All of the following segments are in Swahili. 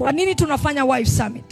Kwa nini tunafanya wife summit?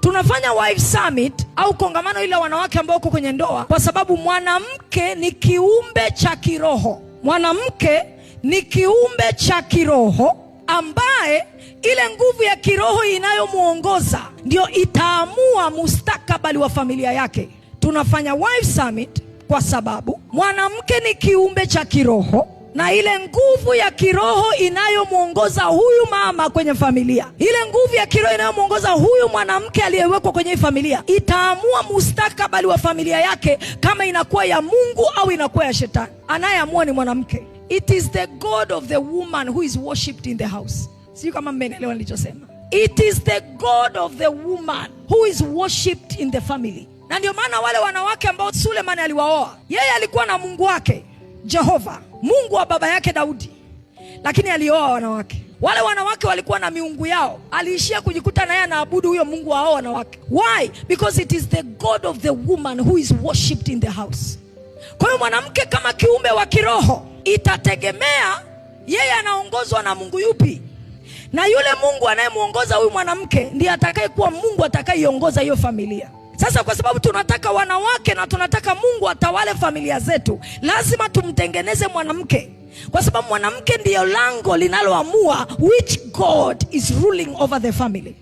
Tunafanya wife summit au kongamano ile wanawake ambao uko kwenye ndoa, kwa sababu mwanamke ni kiumbe cha kiroho. Mwanamke ni kiumbe cha kiroho ambaye ile nguvu ya kiroho inayomwongoza ndio itaamua mustakabali wa familia yake. Tunafanya wife summit kwa sababu mwanamke ni kiumbe cha kiroho na ile nguvu ya kiroho inayomwongoza huyu mama kwenye familia, ile nguvu ya kiroho inayomwongoza huyu mwanamke aliyewekwa kwenye hii familia itaamua mustakabali wa familia yake, kama inakuwa ya Mungu au inakuwa ya shetani. Anayeamua ni mwanamke. It is the god of the woman who is worshipped in the house. Sijui kama mmenielewa nilichosema. It is the god of the woman who is worshipped in the family. Na ndio maana wale wanawake ambao Suleman aliwaoa, yeye alikuwa na Mungu wake Jehova Mungu wa baba yake Daudi, lakini alioa wanawake. Wale wanawake walikuwa na miungu yao, aliishia kujikuta naye anaabudu huyo mungu wa hao wanawake. Why? Because it is the god of the woman who is worshipped in the house. Kwa hiyo mwanamke kama kiumbe wa kiroho itategemea yeye anaongozwa na mungu yupi, na yule mungu anayemwongoza huyu mwanamke ndiye atakayekuwa mungu atakayeiongoza hiyo familia. Sasa kwa sababu tunataka wanawake na tunataka Mungu atawale familia zetu, lazima tumtengeneze mwanamke, kwa sababu mwanamke ndiyo lango linaloamua which God is ruling over the family.